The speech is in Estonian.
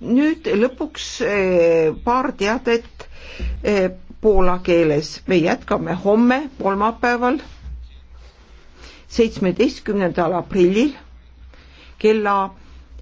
nüüd lõpuks eh, paar teadet eh, poola keeles. me jätkame homme, kolmapäeval, seitsmeteistkümnendal aprillil kella